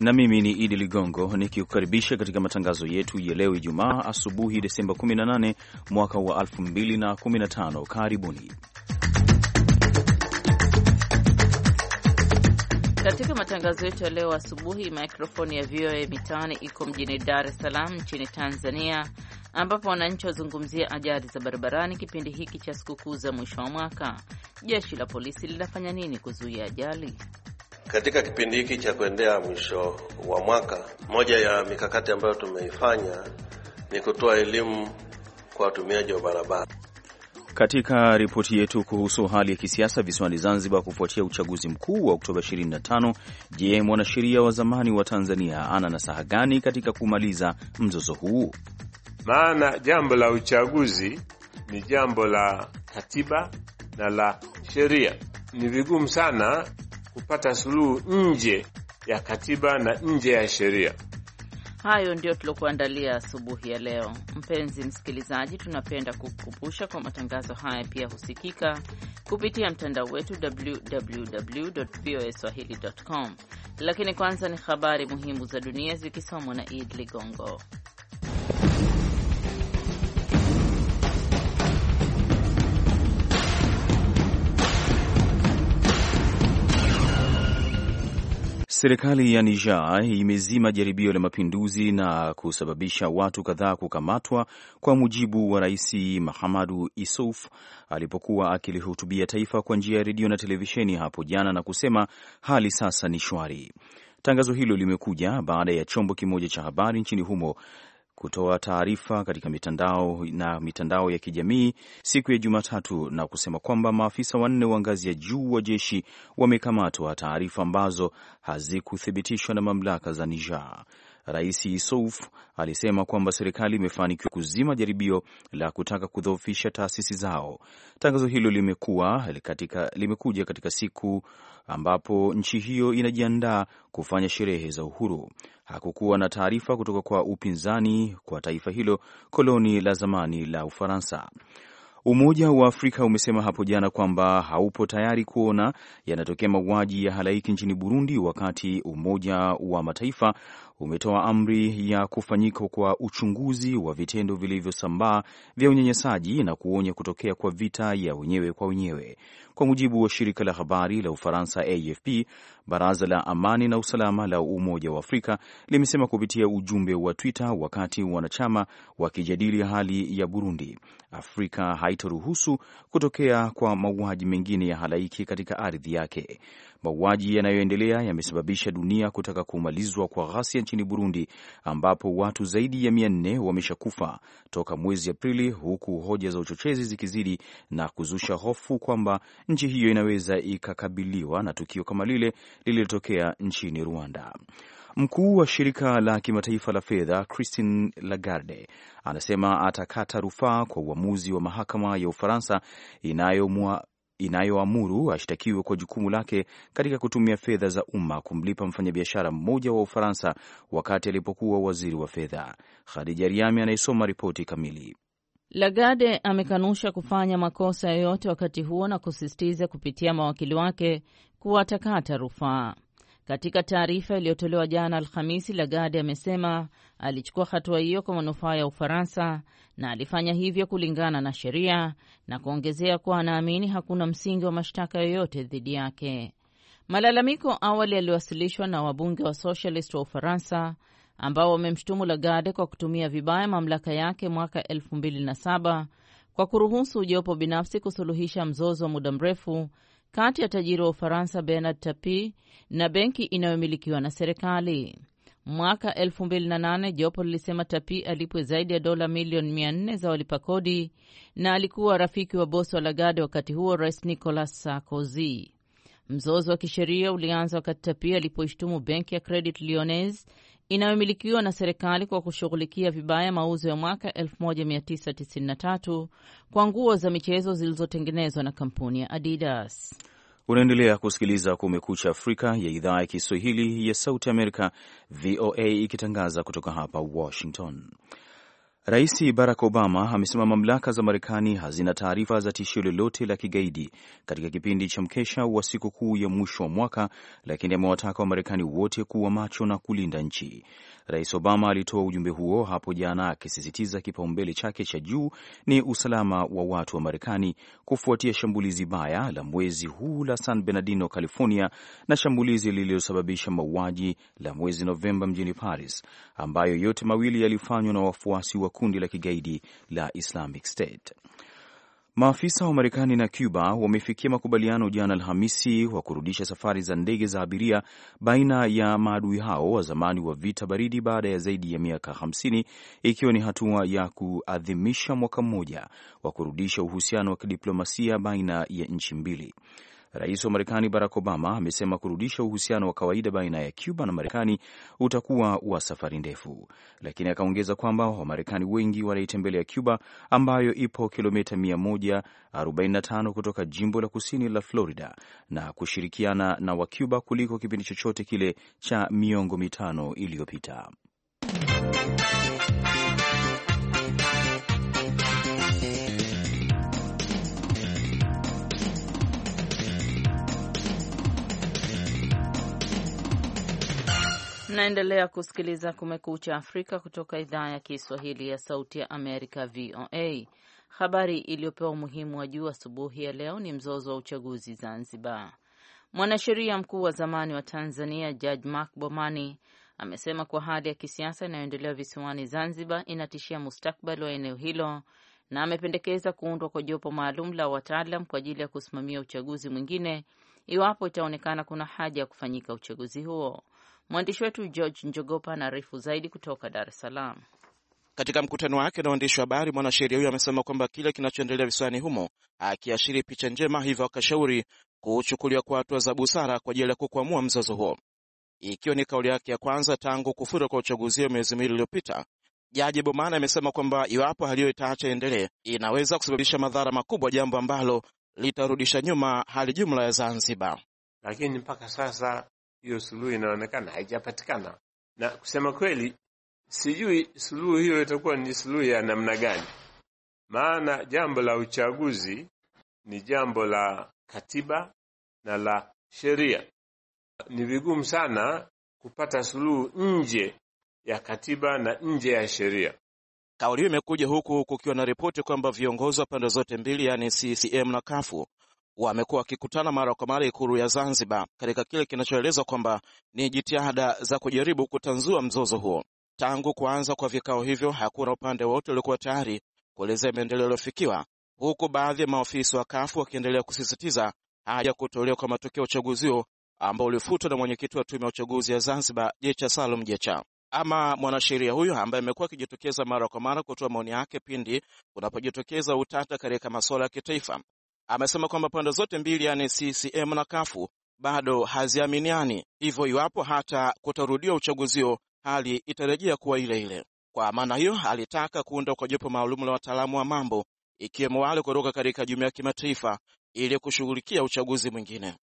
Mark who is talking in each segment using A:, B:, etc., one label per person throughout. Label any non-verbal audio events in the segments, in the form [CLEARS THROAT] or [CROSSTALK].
A: na mimi ni Idi Ligongo nikikukaribisha katika matangazo yetu ya leo Ijumaa asubuhi Desemba 18 mwaka wa 2015. Karibuni
B: katika matangazo yetu ya leo asubuhi. Mikrofoni ya VOA Mitaani iko mjini Dar es Salaam nchini Tanzania, ambapo wananchi wazungumzia ajali za barabarani kipindi hiki cha sikukuu za mwisho wa mwaka. Jeshi la polisi linafanya nini kuzuia ajali?
C: Katika kipindi hiki cha kuendea mwisho wa mwaka, moja ya mikakati ambayo tumeifanya ni kutoa elimu kwa watumiaji wa barabara.
A: Katika ripoti yetu kuhusu hali ya kisiasa visiwani Zanzibar kufuatia uchaguzi mkuu wa Oktoba 25, je, mwanasheria wa zamani wa Tanzania ana nasaha gani katika kumaliza mzozo huu?
D: Maana jambo la uchaguzi ni jambo la katiba na la sheria, ni vigumu sana kupata suluhu nje ya katiba na nje ya sheria.
B: Hayo ndio tuliokuandalia asubuhi ya leo. Mpenzi msikilizaji, tunapenda kukumbusha kwa matangazo haya pia husikika kupitia mtandao wetu www voa swahili com. Lakini kwanza ni habari muhimu za dunia zikisomwa na Id Ligongo.
A: Serikali ya Niger imezima jaribio la mapinduzi na kusababisha watu kadhaa kukamatwa, kwa mujibu wa Rais Mahamadu Isuf alipokuwa akilihutubia taifa kwa njia ya redio na televisheni hapo jana, na kusema hali sasa ni shwari. Tangazo hilo limekuja baada ya chombo kimoja cha habari nchini humo kutoa taarifa katika mitandao na mitandao ya kijamii siku ya Jumatatu na kusema kwamba maafisa wanne wa ngazi ya juu wa jeshi wamekamatwa, taarifa ambazo hazikuthibitishwa na mamlaka za Niger. Rais Issouf alisema kwamba serikali imefanikiwa kuzima jaribio la kutaka kudhoofisha taasisi zao. Tangazo hilo limekuwa katika, limekuja katika siku ambapo nchi hiyo inajiandaa kufanya sherehe za uhuru. Hakukuwa na taarifa kutoka kwa upinzani kwa taifa hilo koloni la zamani la Ufaransa. Umoja wa Afrika umesema hapo jana kwamba haupo tayari kuona yanatokea mauaji ya halaiki nchini Burundi, wakati Umoja wa Mataifa umetoa amri ya kufanyika kwa uchunguzi wa vitendo vilivyosambaa vya unyanyasaji na kuonya kutokea kwa vita ya wenyewe kwa wenyewe. Kwa mujibu wa shirika la habari la Ufaransa AFP, baraza la amani na usalama la Umoja wa Afrika limesema kupitia ujumbe wa Twitter wakati wanachama wakijadili hali ya Burundi, Afrika haitaruhusu kutokea kwa mauaji mengine ya halaiki katika ardhi yake. Mauaji yanayoendelea yamesababisha dunia kutaka kumalizwa kwa ghasia nchini Burundi, ambapo watu zaidi ya mia nne wameshakufa toka mwezi Aprili, huku hoja za uchochezi zikizidi na kuzusha hofu kwamba nchi hiyo inaweza ikakabiliwa na tukio kama lile lililotokea nchini Rwanda. Mkuu wa shirika la kimataifa la fedha Christine Lagarde anasema atakata rufaa kwa uamuzi wa mahakama ya Ufaransa inayomwa inayoamuru ashtakiwe kwa jukumu lake katika kutumia fedha za umma kumlipa mfanyabiashara mmoja wa Ufaransa wakati alipokuwa waziri wa fedha. Khadija Riami anayesoma ripoti kamili.
B: Lagarde amekanusha kufanya makosa yoyote wakati huo na kusisitiza kupitia mawakili wake kuwa atakata rufaa. Katika taarifa iliyotolewa jana Alhamisi, Lagarde amesema alichukua hatua hiyo kwa manufaa ya Ufaransa na alifanya hivyo kulingana na sheria, na kuongezea kuwa anaamini hakuna msingi wa mashtaka yoyote dhidi yake. Malalamiko awali yaliwasilishwa na wabunge wa Socialist wa Ufaransa ambao wamemshutumu Lagarde kwa kutumia vibaya mamlaka yake mwaka 2007 kwa kuruhusu ujopo binafsi kusuluhisha mzozo wa muda mrefu kati ya tajiri wa Ufaransa Bernard Tapie na benki inayomilikiwa na serikali. Mwaka 2008 jopo lilisema Tapie alipwe zaidi ya dola milioni 400 za walipa kodi na alikuwa rafiki wa bosi wa Lagarde wakati huo, Rais Nicolas Sarkozy. Mzozo wa kisheria ulianza wakati Tapie alipoishtumu benki ya Credit Lyonnais inayomilikiwa na serikali kwa kushughulikia vibaya mauzo ya mwaka 1993 kwa nguo za michezo zilizotengenezwa na kampuni ya Adidas.
A: Unaendelea kusikiliza Kumekucha Afrika ya idhaa ya Kiswahili ya Sauti Amerika, VOA, ikitangaza kutoka hapa Washington. Rais Barack Obama amesema mamlaka za Marekani hazina taarifa za tishio lolote la kigaidi katika kipindi cha mkesha wa sikukuu ya mwisho wa mwaka, lakini amewataka Wamarekani wote kuwa macho na kulinda nchi. Rais Obama alitoa ujumbe huo hapo jana, akisisitiza kipaumbele chake cha juu ni usalama wa watu wa Marekani kufuatia shambulizi baya la mwezi huu la San Bernardino, California, na shambulizi lililosababisha mauaji la mwezi Novemba mjini Paris, ambayo yote mawili yalifanywa na wafuasi wa kundi la kigaidi la Islamic State. Maafisa wa Marekani na Cuba wamefikia makubaliano jana Alhamisi wa kurudisha safari za ndege za abiria baina ya maadui hao wa zamani wa vita baridi baada ya zaidi ya miaka 50 ikiwa ni hatua ya kuadhimisha mwaka mmoja wa kurudisha uhusiano wa kidiplomasia baina ya nchi mbili. Rais wa Marekani Barack Obama amesema kurudisha uhusiano wa kawaida baina ya Cuba na Marekani utakuwa wa safari ndefu, lakini akaongeza kwamba Wamarekani wengi wanaitembelea Cuba ambayo ipo kilomita 145 kutoka jimbo la kusini la Florida na kushirikiana na Wacuba kuliko kipindi chochote kile cha miongo mitano iliyopita.
B: Mnaendelea kusikiliza Kumekucha Afrika kutoka idhaa ya Kiswahili ya Sauti ya Amerika, VOA. Habari iliyopewa umuhimu wa juu asubuhi ya leo ni mzozo wa uchaguzi Zanzibar. Mwanasheria mkuu wa zamani wa Tanzania Jaji Mark Bomani amesema kuwa hali ya kisiasa inayoendelea visiwani Zanzibar inatishia mustakbali wa eneo hilo na amependekeza kuundwa kwa jopo maalum la wataalam kwa ajili ya kusimamia uchaguzi mwingine iwapo itaonekana kuna haja ya kufanyika uchaguzi huo. Mwandishi wetu George Njogopa anaarifu zaidi kutoka Dar es Salaam.
E: Katika mkutano wake na waandishi wa habari, mwanasheria huyo amesema kwamba kile kinachoendelea visiwani humo akiashiri picha njema, hivyo akashauri kuchukuliwa kwa hatua za busara kwa ajili ya kukwamua mzozo huo, ikiwa ni kauli yake ya kwanza tangu kufutwa kwa uchaguzi wa miezi miwili iliyopita. Jaji Bomana amesema kwamba iwapo hali hiyo itaacha endelee, inaweza kusababisha madhara makubwa, jambo ambalo litarudisha nyuma hali
D: jumla ya Zanzibar. Lakini mpaka sasa hiyo suluhu inaonekana haijapatikana, na kusema kweli, sijui suluhu hiyo itakuwa ni suluhu ya namna gani, maana jambo la uchaguzi ni jambo la katiba na la sheria. Ni vigumu sana kupata suluhu nje ya katiba na nje ya sheria. Kauli hiyo imekuja huku
E: kukiwa na ripoti kwamba viongozi wa pande zote mbili, yaani CCM na kafu wamekuwa wakikutana mara kwa mara Ikulu ya Zanzibar katika kile kinachoelezwa kwamba ni jitihada za kujaribu kutanzua mzozo huo. Tangu kuanza kwa vikao hivyo, hakuna upande wote uliokuwa tayari kuelezea maendeleo yaliyofikiwa, huku baadhi ya maofisa wa kafu wakiendelea kusisitiza haja ya kutolewa kwa matokeo ya uchaguzi huo ambao ulifutwa na mwenyekiti wa tume ya uchaguzi ya Zanzibar, Jecha Salum Jecha. Ama mwanasheria huyo ambaye amekuwa akijitokeza mara kwa mara kutoa maoni yake pindi kunapojitokeza utata katika masuala ya kitaifa, amesema kwamba pande zote mbili, yani CCM na kafu bado haziaminiani, hivyo iwapo hata kutarudiwa uchaguzio hali itarejea kuwa ile ile. Kwa maana hiyo, alitaka kuunda kwa jopo maalumu la wataalamu wa mambo ikiwemo wale kutoka katika jumuiya ya kimataifa ili kushughulikia
D: uchaguzi mwingine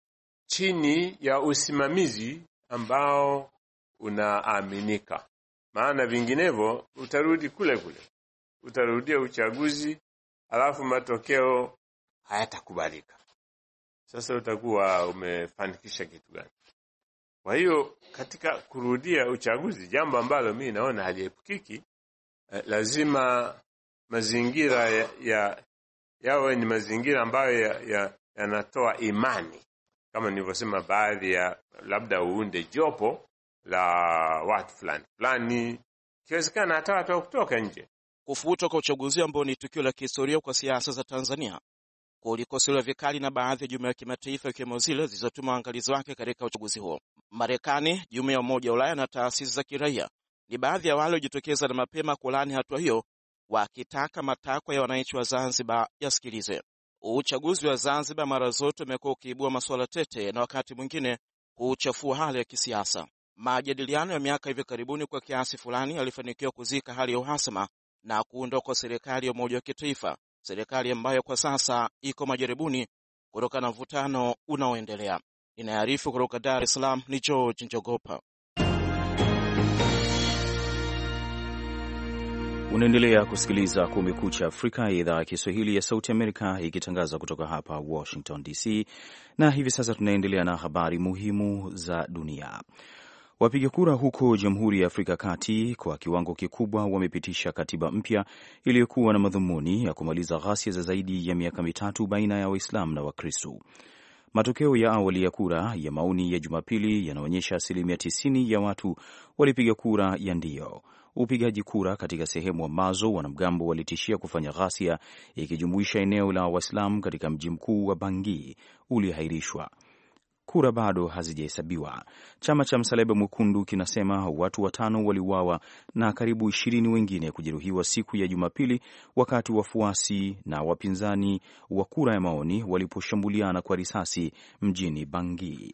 D: chini ya usimamizi ambao unaaminika, maana vinginevyo utarudi kule kule, utarudia uchaguzi alafu matokeo hayatakubalika. Sasa utakuwa umefanikisha kitu gani? Kwa hiyo katika kurudia uchaguzi, jambo ambalo mi naona haliepukiki, eh, lazima mazingira ya, ya yawe ni mazingira ambayo yanatoa ya, ya imani kama nilivyosema, baadhi ya labda uunde jopo la watu fulani fulani, ikiwezekana hata watu wa kutoka nje. Kufutwa kwa uchaguzi
E: ambao ni tukio la kihistoria kwa siasa za Tanzania kulikosolewa vikali na baadhi ya jumuiya ya kimataifa ikiwemo zile zilizotuma waangalizi wake katika uchaguzi huo. Marekani, jumuiya ya Umoja wa Ulaya na taasisi za kiraia ni baadhi ya wale waliojitokeza na mapema kulani hatua hiyo, wakitaka matakwa ya wananchi wa Zanzibar yasikilizwe. Uchaguzi wa Zanzibar mara zote umekuwa ukiibua masuala tete na wakati mwingine huchafua hali ya kisiasa. Majadiliano ya miaka hivi karibuni kwa kiasi fulani yalifanikiwa kuzika hali ya uhasama na kuundwa kwa serikali ya umoja wa kitaifa serikali ambayo kwa sasa iko majaribuni kutokana na mvutano unaoendelea. inayarifu kutoka Dar es Salaam ni George Njogopa.
A: Unaendelea kusikiliza Kumekucha Afrika, idhaa ya Kiswahili ya Sauti Amerika, ikitangaza kutoka hapa Washington DC. Na hivi sasa tunaendelea na habari muhimu za dunia. Wapiga kura huko Jamhuri ya Afrika Kati kwa kiwango kikubwa wamepitisha katiba mpya iliyokuwa na madhumuni ya kumaliza ghasia za zaidi ya miaka mitatu baina ya Waislamu na Wakristo. Matokeo ya awali ya kura ya maoni ya Jumapili yanaonyesha asilimia 90 ya watu walipiga kura ya ndio. Upigaji kura katika sehemu ambazo wanamgambo walitishia kufanya ghasia, ikijumuisha eneo la Waislamu katika mji mkuu wa Bangui, uliahirishwa kura bado hazijahesabiwa. Chama cha Msalaba Mwekundu kinasema watu watano waliuawa na karibu ishirini wengine kujeruhiwa siku ya Jumapili wakati wafuasi na wapinzani wa kura ya maoni waliposhambuliana kwa risasi mjini Bangui.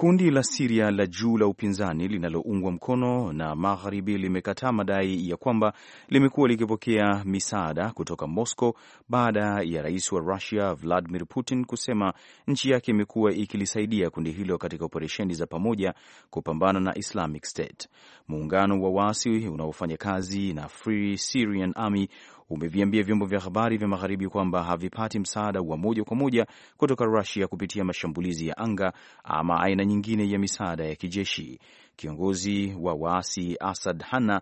A: Kundi la Siria la juu la upinzani linaloungwa mkono na magharibi limekataa madai ya kwamba limekuwa likipokea misaada kutoka Moscow baada ya rais wa rusia Vladimir Putin kusema nchi yake imekuwa ikilisaidia kundi hilo katika operesheni za pamoja kupambana na Islamic State. Muungano wa waasi unaofanya kazi na Free Syrian Army umeviambia vyombo vya habari vya magharibi kwamba havipati msaada wa moja kwa moja kutoka Rusia kupitia mashambulizi ya anga ama aina nyingine ya misaada ya kijeshi. Kiongozi wa waasi Asad Hanna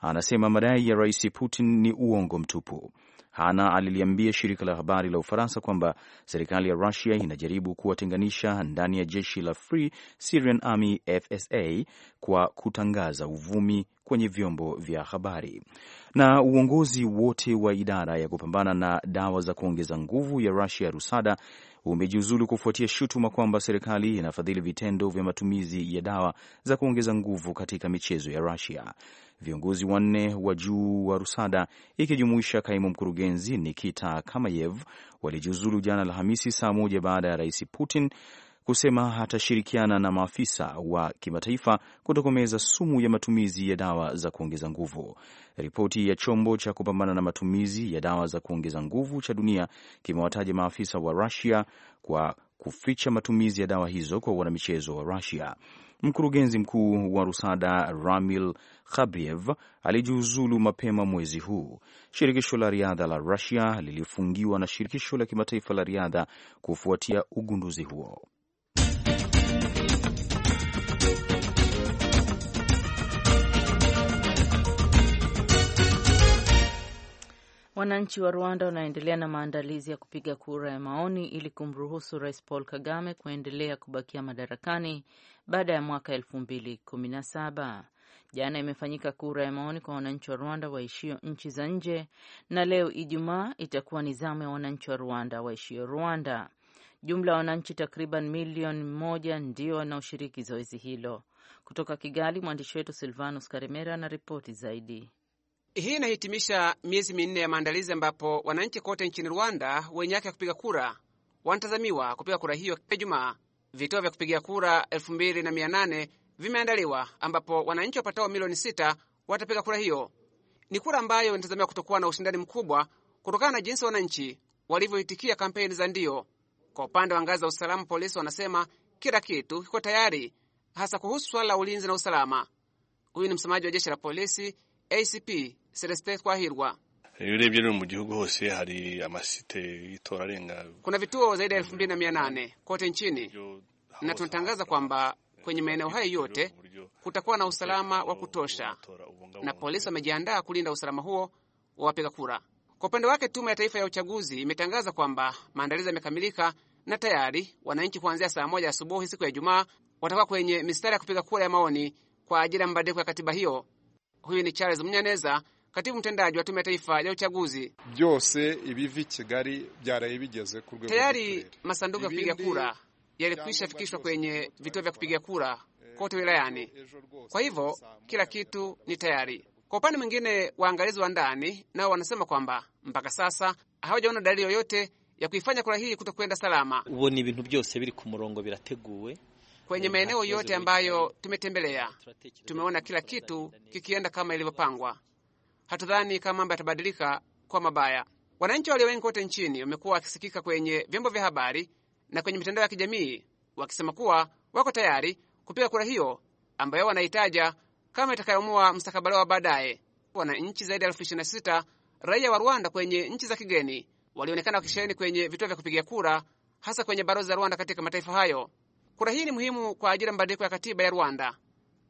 A: anasema madai ya Rais Putin ni uongo mtupu. Hana aliliambia shirika la habari la Ufaransa kwamba serikali ya Rusia inajaribu kuwatenganisha ndani ya jeshi la Free Syrian Army FSA kwa kutangaza uvumi kwenye vyombo vya habari. Na uongozi wote wa idara ya kupambana na dawa za kuongeza nguvu ya Rusia, RUSADA, umejiuzulu kufuatia shutuma kwamba serikali inafadhili vitendo vya matumizi ya dawa za kuongeza nguvu katika michezo ya Rusia. Viongozi wanne wa juu wa RUSADA ikijumuisha kaimu mkurugenzi Nikita Kamayev walijiuzulu jana Alhamisi saa moja baada ya rais Putin kusema hatashirikiana na maafisa wa kimataifa kutokomeza sumu ya matumizi ya dawa za kuongeza nguvu. Ripoti ya chombo cha kupambana na matumizi ya dawa za kuongeza nguvu cha dunia kimewataja maafisa wa Rusia kwa kuficha matumizi ya dawa hizo kwa wanamichezo wa Rusia. Mkurugenzi mkuu wa RUSADA Ramil Khabriev alijiuzulu mapema mwezi huu. Shirikisho la riadha la Rusia lilifungiwa na shirikisho la kimataifa la riadha kufuatia ugunduzi huo.
B: Wananchi wa Rwanda wanaendelea na maandalizi ya kupiga kura ya maoni ili kumruhusu Rais Paul Kagame kuendelea kubakia madarakani baada ya mwaka elfu mbili kumi na saba. Jana imefanyika kura ya maoni kwa wananchi wa Rwanda waishio nchi za nje, na leo Ijumaa itakuwa ni zamu ya wananchi wa Rwanda waishio Rwanda. Jumla ya wananchi takriban milioni moja ndio wanaoshiriki zoezi hilo. Kutoka Kigali, mwandishi wetu Silvanus Karemera ana ripoti zaidi.
F: Hii inahitimisha miezi minne ya maandalizi ambapo wananchi kote nchini Rwanda wenye haki ya kupiga kura wanatazamiwa kupiga kura hiyo kila Ijumaa. Vituo vya kupigia kura 28 vimeandaliwa ambapo wananchi wapatao milioni sita watapiga kura hiyo. Ni kura ambayo inatazamiwa kutokuwa na ushindani mkubwa kutokana na jinsi wananchi walivyoitikia kampeni za ndio. Kwa upande wa ngazi za usalama, polisi wanasema kila kitu kiko tayari, hasa kuhusu swala la ulinzi na usalama. Huyu ni msemaji wa jeshi la polisi ACP Celeste Twahirwa. kuna vituo zaidi ya elfu mbili na mia nane kote nchini, na tunatangaza kwamba kwenye maeneo hayo yote kutakuwa na usalama wa kutosha, na polisi wamejiandaa kulinda usalama huo wa wapiga kura. Kwa upande wake, Tume ya Taifa ya Uchaguzi imetangaza kwamba maandalizi yamekamilika na tayari wananchi kuanzia saa moja asubuhi siku ya Ijumaa watakuwa kwenye mistari ya kupiga kura ya maoni kwa ajili ya mabadiliko ya katiba hiyo. Huyu ni Charles Munyaneza katibu mtendaji wa Tume ya Taifa ya Uchaguzi.
E: Byose ibivi Kigali byaraye bigeze ku rwego tayari,
F: masanduku ya kupiga kura yalikwisha fikishwa kwenye vituo vya kupiga kura kote wilayani. Kwa hivyo kila kitu ni tayari. Kwa upande mwingine, waangalizi wa ndani nao wanasema kwamba mpaka sasa hawajaona dalili yoyote ya kuifanya kura hii kutokwenda salama.
A: Ubona ibintu byose biri ku murongo birateguwe
F: kwenye maeneo yote ambayo tumetembelea, tumeona kila kitu kikienda kama ilivyopangwa hatudhani kama mambo yatabadilika kwa mabaya. Wananchi walio wengi kote nchini wamekuwa wakisikika kwenye vyombo vya habari na kwenye mitandao ya kijamii wakisema kuwa wako tayari kupiga kura hiyo ambayo wanahitaja kama itakayoamua mstakabali wa baadaye. Wananchi zaidi ya elfu ishirini na sita raia wa Rwanda kwenye nchi za kigeni walionekana wakisheheni kwenye vituo vya kupiga kura, hasa kwenye balozi za Rwanda katika mataifa hayo. Kura hii ni muhimu kwa ajili ya mabadiliko ya katiba ya Rwanda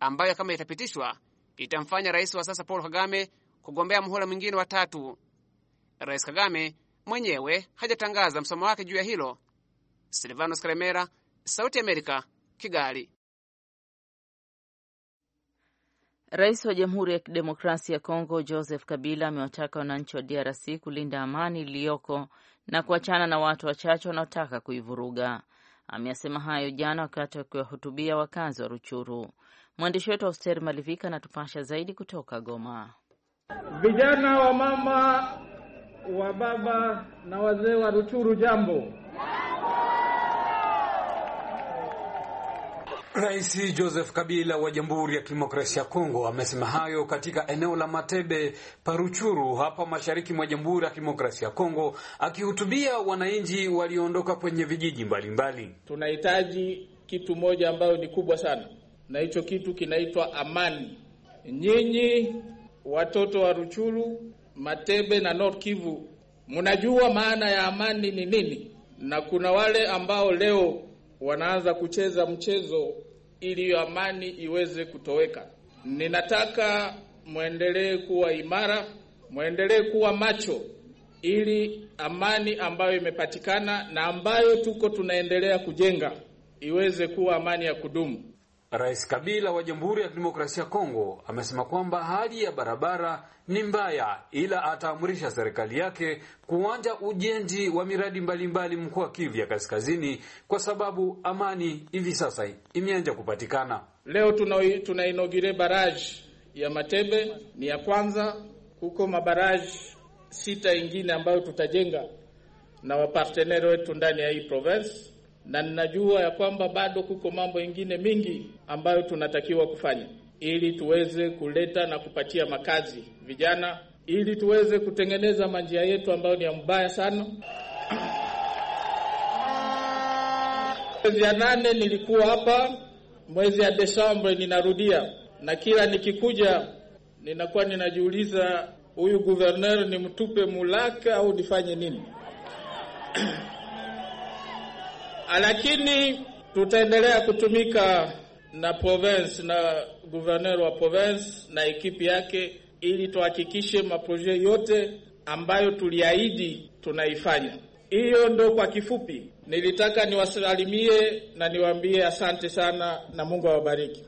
F: ambayo kama itapitishwa itamfanya rais wa sasa Paul Kagame kugombea muhula mwingine wa tatu. Rais Kagame mwenyewe hajatangaza msimamo wake juu ya hilo. Silvanos Karemera, Sauti Amerika, Kigali.
B: Rais wa Jamhuri ya Kidemokrasia ya Kongo Joseph Kabila amewataka wananchi wa DRC kulinda amani iliyoko na kuachana na watu wachache wanaotaka kuivuruga. Ameyasema hayo jana wakati akiwahutubia wakazi wa Ruchuru. Mwandishi wetu Auster Malivika anatupasha zaidi kutoka Goma.
G: Vijana wa mama wa baba na wazee wa Ruchuru, jambo. Rais Joseph Kabila wa Jamhuri ya Kidemokrasia ya Kongo amesema hayo katika eneo la Matebe Paruchuru hapa mashariki mwa Jamhuri ya Kidemokrasia ya Kongo akihutubia wananchi walioondoka kwenye vijiji mbalimbali. Tunahitaji kitu moja ambayo ni kubwa sana na hicho kitu kinaitwa amani. Nyinyi watoto wa Ruchuru, Matebe na North Kivu, mnajua maana ya amani ni nini, na kuna wale ambao leo wanaanza kucheza mchezo ili amani iweze kutoweka. Ninataka mwendelee kuwa imara, mwendelee kuwa macho ili amani ambayo imepatikana na ambayo tuko tunaendelea kujenga iweze kuwa amani ya kudumu. Rais Kabila wa Jamhuri ya Kidemokrasia ya Kongo amesema kwamba hali ya barabara ni mbaya, ila ataamrisha serikali yake kuanja ujenzi wa miradi mbalimbali mkoa Kivu ya Kaskazini kwa sababu amani hivi sasa imeanza kupatikana. Leo tunainogire tuna baraji ya Matebe ni ya kwanza, huko mabaraji sita ingine ambayo tutajenga na waparteneri wetu ndani ya hii province, na ninajua ya kwamba bado kuko mambo ingine mingi ambayo tunatakiwa kufanya ili tuweze kuleta na kupatia makazi vijana, ili tuweze kutengeneza manjia yetu ambayo ni ya mbaya sana. Mwezi ya nane nilikuwa hapa, mwezi ya Desemba ninarudia, na kila nikikuja ninakuwa ninajiuliza huyu guverner ni mtupe mulaka au nifanye nini? [CLEARS THROAT] Lakini tutaendelea kutumika na province na gouverneur wa province na ekipi yake, ili tuhakikishe maproje yote ambayo tuliahidi tunaifanya. Hiyo ndo kwa kifupi nilitaka niwasalimie na niwaambie asante sana na Mungu awabariki.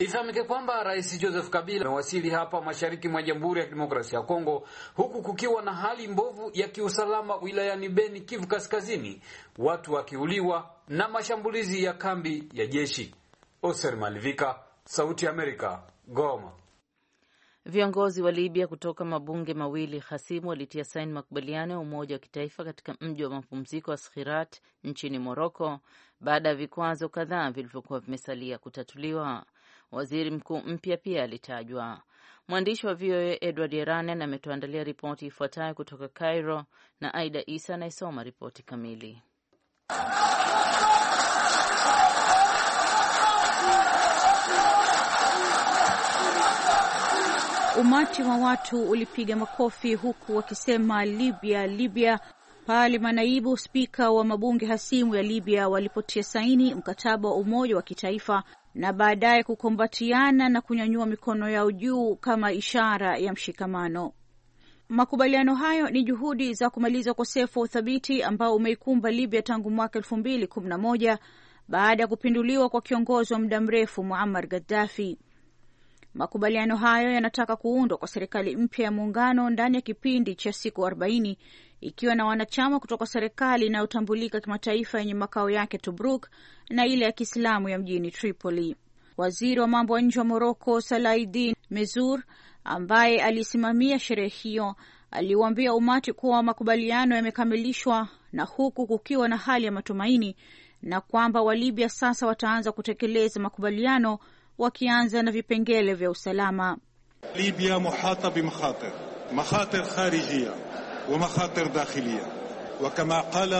G: Ifahamike kwamba Rais Joseph Kabila amewasili hapa mashariki mwa Jamhuri ya Kidemokrasia ya Kongo huku kukiwa na hali mbovu ya kiusalama wilayani Beni, Kivu Kaskazini, watu wakiuliwa na mashambulizi ya kambi ya jeshi. Oser Malivika, Sauti ya Amerika, Goma.
B: Viongozi wa Libya kutoka mabunge mawili hasimu walitia saini makubaliano ya umoja wa kitaifa katika mji wa mapumziko wa Skhirat nchini Moroko baada ya vikwazo kadhaa vilivyokuwa vimesalia kutatuliwa. Waziri mkuu mpya pia alitajwa. Mwandishi wa VOA Edward Yerane ametuandalia ripoti ifuatayo kutoka Cairo, na Aida Isa anayesoma ripoti kamili.
H: Umati wa watu ulipiga makofi huku wakisema Libya, Libya, pale manaibu spika wa mabunge hasimu ya Libya walipotia saini mkataba wa umoja wa kitaifa na baadaye kukumbatiana na kunyanyua mikono yao juu kama ishara ya mshikamano. Makubaliano hayo ni juhudi za kumaliza ukosefu wa uthabiti ambao umeikumba Libya tangu mwaka elfu mbili kumi na moja baada ya kupinduliwa kwa kiongozi wa muda mrefu Muammar Gaddafi. Makubaliano hayo yanataka kuundwa kwa serikali mpya ya muungano ndani ya kipindi cha siku arobaini ikiwa na wanachama kutoka serikali inayotambulika kimataifa yenye makao yake Tobruk na ile ya Kiislamu ya mjini Tripoli. Waziri wa mambo ya nje wa Moroko salahidin Mezur ambaye alisimamia sherehe hiyo aliuambia umati kuwa makubaliano yamekamilishwa na huku kukiwa na hali ya matumaini na kwamba Walibya sasa wataanza kutekeleza makubaliano wakianza na vipengele vya usalama.
A: Libya
D: muhata kharijia ومخاطر داخلية وكما قال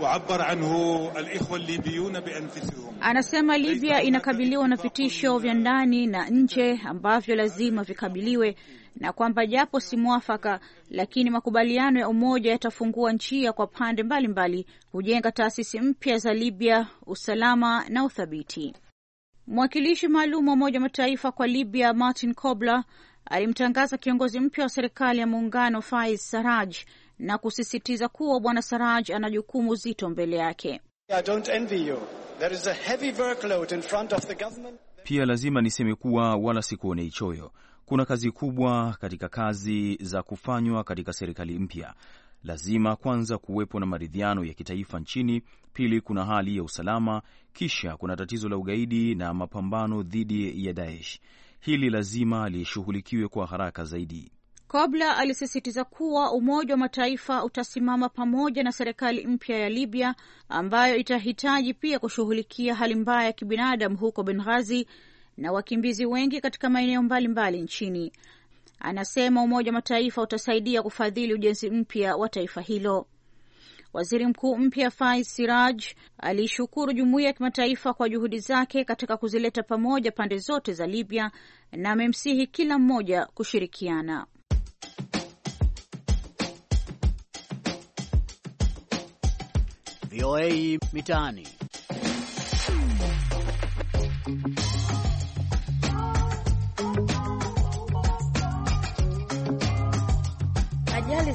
D: وعبر عنه الإخوة الليبيون بأنفسهم.
H: Anasema Libya inakabiliwa na vitisho vya ndani na nje ambavyo lazima vikabiliwe na kwamba japo si mwafaka, lakini makubaliano ya umoja yatafungua njia kwa pande mbalimbali kujenga taasisi mpya za Libya, usalama na uthabiti. Mwakilishi maalum wa Umoja wa Mataifa kwa Libya Martin Kobler alimtangaza kiongozi mpya wa serikali ya muungano Faiz Saraj na kusisitiza kuwa bwana Saraj ana jukumu zito mbele yake.
A: Pia lazima niseme kuwa wala sikuonei choyo. Kuna kazi kubwa katika kazi za kufanywa katika serikali mpya. Lazima kwanza kuwepo na maridhiano ya kitaifa nchini, pili kuna hali ya usalama, kisha kuna tatizo la ugaidi na mapambano dhidi ya Daesh hili lazima lishughulikiwe kwa haraka zaidi.
H: Kobla alisisitiza kuwa Umoja wa Mataifa utasimama pamoja na serikali mpya ya Libya ambayo itahitaji pia kushughulikia hali mbaya ya kibinadamu huko Benghazi na wakimbizi wengi katika maeneo mbalimbali nchini. Anasema Umoja wa Mataifa utasaidia kufadhili ujenzi mpya wa taifa hilo. Waziri Mkuu mpya Faiz Siraj aliishukuru jumuiya ya kimataifa kwa juhudi zake katika kuzileta pamoja pande zote za Libya na amemsihi kila mmoja kushirikiana. VOA Mitaani.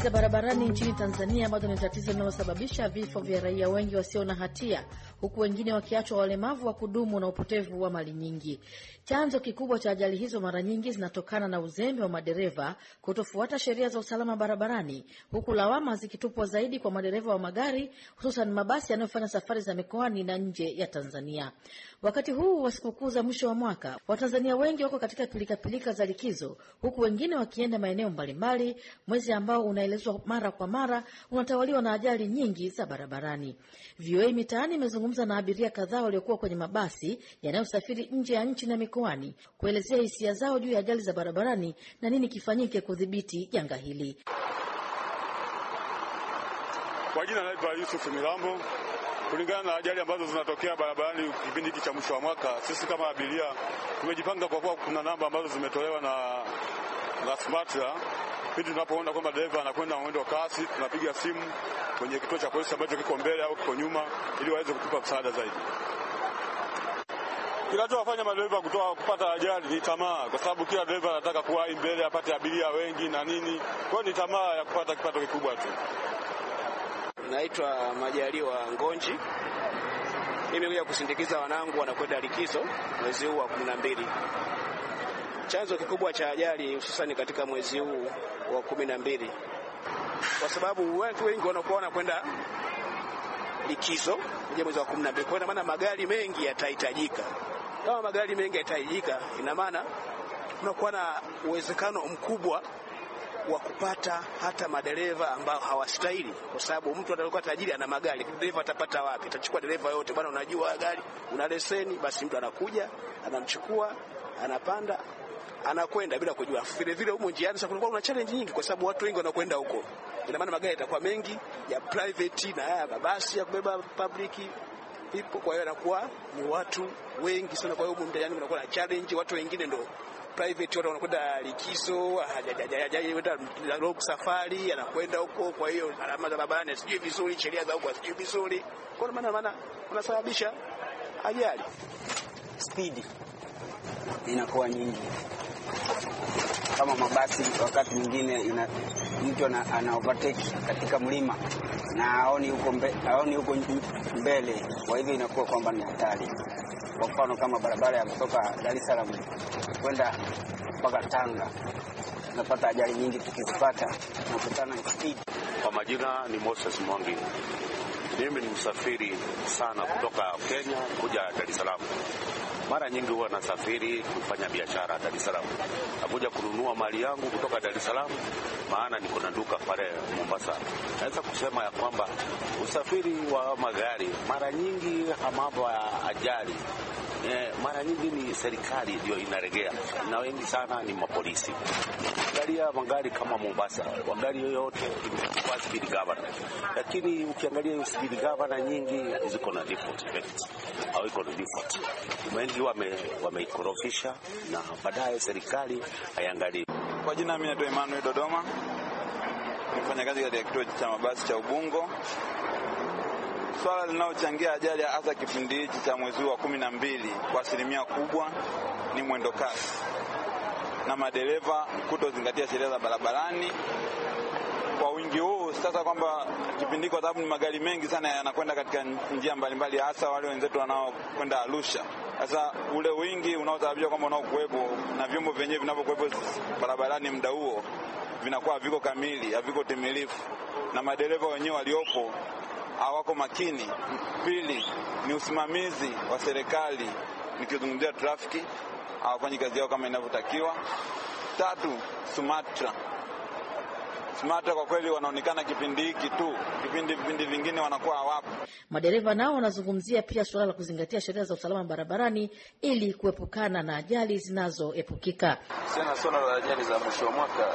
I: za barabarani nchini Tanzania bado ni tatizo linalosababisha vifo vya raia wengi wasio na hatia, huku wengine wakiachwa walemavu wa kudumu na upotevu wa mali nyingi. Chanzo kikubwa cha ajali hizo mara nyingi zinatokana na uzembe wa madereva kutofuata sheria za usalama barabarani, huku lawama zikitupwa zaidi kwa madereva wa magari, hususan mabasi yanayofanya safari za mikoani na nje ya Tanzania. Wakati huu wa sikukuu za mwisho wa mwaka, Watanzania wengi wako katika pilikapilika za likizo, huku wengine wakienda maeneo mbalimbali, mwezi ambao unaelezwa mara kwa mara unatawaliwa na ajali nyingi za barabarani. VOA Mitaani imezungumza na abiria kadhaa waliokuwa kwenye mabasi yanayosafiri nje ya nchi na mikoani kuelezea hisia zao juu ya ajali za barabarani na nini kifanyike kudhibiti janga hili.
D: Kwa jina naitwa Yusuf Milambo kulingana na ajali ambazo zinatokea barabarani kipindi hiki cha mwisho wa mwaka. Sisi kama abiria tumejipanga kwa kuwa kuna namba ambazo zimetolewa na, na SMATRA ah, pindi tunapoona kwamba dereva anakwenda mwendo kasi, tunapiga simu kwenye kituo cha polisi ambacho kiko mbele au kiko nyuma, ili waweze kutupa msaada zaidi. Kinachowafanya madereva kutoa kupata ajali ni tamaa, kwa sababu kila dereva anataka kuwahi mbele apate abiria wengi na nini. Kwa hiyo ni tamaa ya kupata kipato kikubwa tu
J: naitwa wa Ngonji. Mimi nimekuja kusindikiza wanangu wanakwenda likizo mwezi huu wa kumi na mbili. Chanzo kikubwa cha ajali hususani katika mwezi huu wa kumi na mbili, kwa sababu watu wengi wanakuwa wanakwenda likizo kuja mwezi wa kumi na mbili, kwa ina maana magari mengi yatahitajika. Kama magari mengi yatahitajika, ina maana kunakuwa na uwezekano mkubwa wa kupata hata madereva ambao hawastahili, kwa sababu mtu atakuwa tajiri ana magari, dereva atapata wapi? Atachukua dereva yote bwana, unajua gari una leseni, basi mtu anakuja anamchukua, anapanda anakwenda bila kujua. Vile vile huko njiani sasa kuna challenge nyingi, kwa sababu watu wengi wanakwenda huko, ina maana magari yatakuwa mengi ya private na haya mabasi ya kubeba public people, kwa hiyo anakuwa ni watu wengi sana. Kwa hiyo huko ndani kunakuwa na challenge, watu wengine ndio private, watu wanakwenda likizo, hajaenda long safari, anakwenda huko. Kwa hiyo alama za barabarani sijui vizuri, sheria za huko sijui vizuri, kwa maana maana unasababisha ajali, spidi inakuwa nyingi kama mabasi wakati mwingine ina mtu ana overtake katika mlima na aoni huko mbe, aoni huko mbele, kwa hivyo inakuwa kwamba ni hatari. Kwa mfano kama barabara ya kutoka Dar es Salaam kwenda mpaka Tanga. napata ajali nyingi, tukizipata nakutana na spidi. Kwa majina ni Moses Mwangi. Mimi ni msafiri sana kutoka Kenya kuja Dar es Salaam. Mara nyingi huwa nasafiri kufanya biashara Dar es Salaam, nakuja kununua mali yangu kutoka Dar es Salaam, maana niko na duka pale Mombasa. Naweza kusema ya kwamba usafiri wa magari mara nyingi, mambo ya ajali eh, mara nyingi ni serikali ndio inaregea na wengi sana ni mapolisi. Angalia magari kama Mombasa, magari yoyote kwa speed governor, lakini ukiangalia speed governor nyingi ziko na default effect au iko na default, wengi wameikorofisha na baadaye serikali haiangalii. Kwa jina mimi naitwa Emmanuel Dodoma, nifanya kazi katika kituo cha mabasi cha Ubungo swala linalochangia ajali hasa kipindi hichi cha mwezi wa kumi na mbili kwa asilimia kubwa ni mwendokasi na madereva kutozingatia sheria za barabarani kwa wingi huu sasa, kwamba kipindi kwa sababu ni magari mengi sana yanakwenda katika njia mbalimbali, hasa wale wenzetu wanaokwenda Arusha. Sasa ule wingi unaotarajiwa kwamba unaokuwepo na vyombo vyenyewe vinavyokuwepo barabarani muda huo vinakuwa viko kamili, haviko timilifu, na madereva wenyewe waliopo hawako makini. Pili ni usimamizi wa serikali, nikizungumzia trafiki, hawafanyi kazi yao kama inavyotakiwa. Tatu, SUMATRA. SUMATRA kwa kweli wanaonekana kipindi hiki tu, kipindi vipindi vingine wanakuwa hawapo.
I: Madereva nao wanazungumzia pia suala la kuzingatia sheria za usalama barabarani ili kuepukana na ajali zinazoepukika.
J: Sina suala la ajali za mwisho wa mwaka,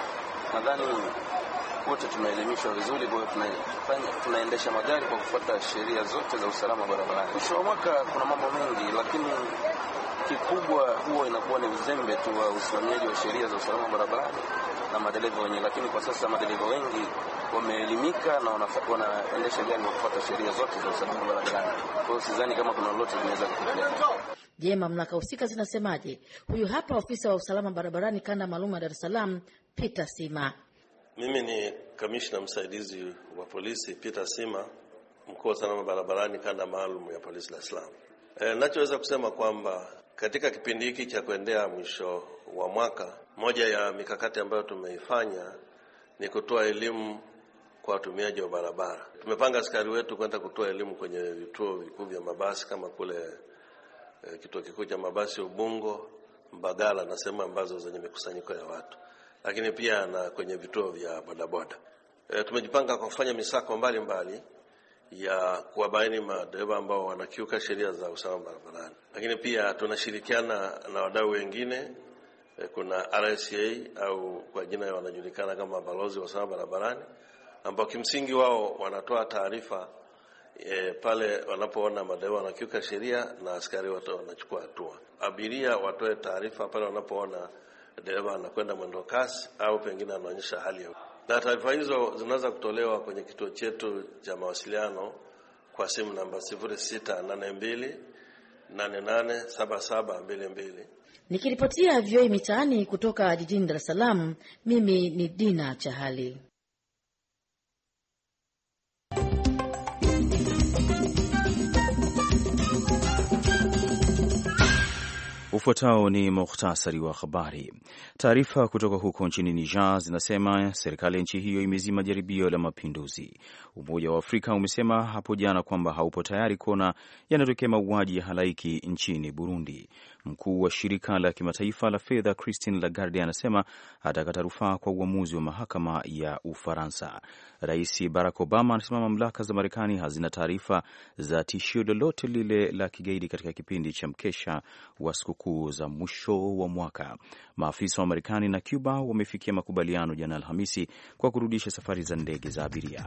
J: nadhani wote tunaelimishwa vizuri, kwa hiyo tunaendesha magari kwa kufuata sheria zote za usalama barabarani. Mwisho wa mwaka kuna mambo mengi, lakini kikubwa huwa inakuwa ni uzembe tu wa usimamiaji wa sheria za usalama barabarani na madereva wenyewe, lakini kwa sasa madereva wengi wameelimika na wanaendesha gari kwa kufuata sheria zote za usalama barabarani. Kwa hiyo sidhani kama kuna lolote linaweza kutokea.
I: Je, mamlaka husika zinasemaje? Huyu hapa ofisa wa usalama barabarani kanda maalum ya Dar es Salaam, Peter Sima.
C: Mimi ni kamishna msaidizi wa polisi Peter Sima, mkuu wa usalama barabarani kanda maalum ya polisi la Islam. E, eh, nachoweza kusema kwamba katika kipindi hiki cha kuendea mwisho wa mwaka, moja ya mikakati ambayo tumeifanya ni kutoa elimu kwa watumiaji wa barabara. Tumepanga askari wetu kwenda kutoa elimu kwenye vituo vikuu vya mabasi kama kule e, kituo kikuu cha mabasi Ubungo, Mbagala na sehemu ambazo zenye mikusanyiko ya watu lakini pia na kwenye vituo vya bodaboda. E, tumejipanga kwa kufanya misako mbalimbali mbali ya kuwabaini madereva ambao wanakiuka sheria za usalama barabarani, lakini pia tunashirikiana na wadau wengine e, kuna RSA au kwa jina wanajulikana kama balozi wa usalama barabarani ambao kimsingi wao wanatoa taarifa E, pale wanapoona madereva wanakiuka sheria na askari wote wanachukua hatua. Abiria watoe taarifa pale wanapoona dereva anakwenda mwendo kasi au pengine anaonyesha hali ya na taarifa hizo zinaweza kutolewa kwenye kituo chetu cha mawasiliano kwa simu namba 0682
I: Nikiripotia vioi mitaani kutoka jijini Dar es Salaam, mimi ni Dina Chahali.
A: Ufuatao ni muhtasari wa habari. Taarifa kutoka huko nchini Niger zinasema serikali ya nchi hiyo imezima jaribio la mapinduzi. Umoja wa Afrika umesema hapo jana kwamba haupo tayari kuona yanatokea mauaji ya halaiki nchini Burundi. Mkuu wa shirika la kimataifa la fedha Christine Lagarde anasema atakata rufaa kwa uamuzi wa mahakama ya Ufaransa. Rais Barack Obama anasema mamlaka za Marekani hazina taarifa za tishio lolote lile la kigaidi katika kipindi cha mkesha wa sikukuu za mwisho wa mwaka. Maafisa wa Marekani na Cuba wamefikia makubaliano jana Alhamisi kwa kurudisha safari za ndege za abiria.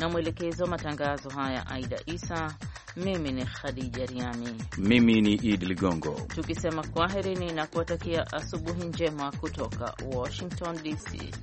B: na mwelekezi wa matangazo haya Aida Isa. Mimi ni Khadija Riami,
A: mimi ni Idi Ligongo,
B: tukisema kwaherini na kuwatakia asubuhi njema kutoka Washington DC.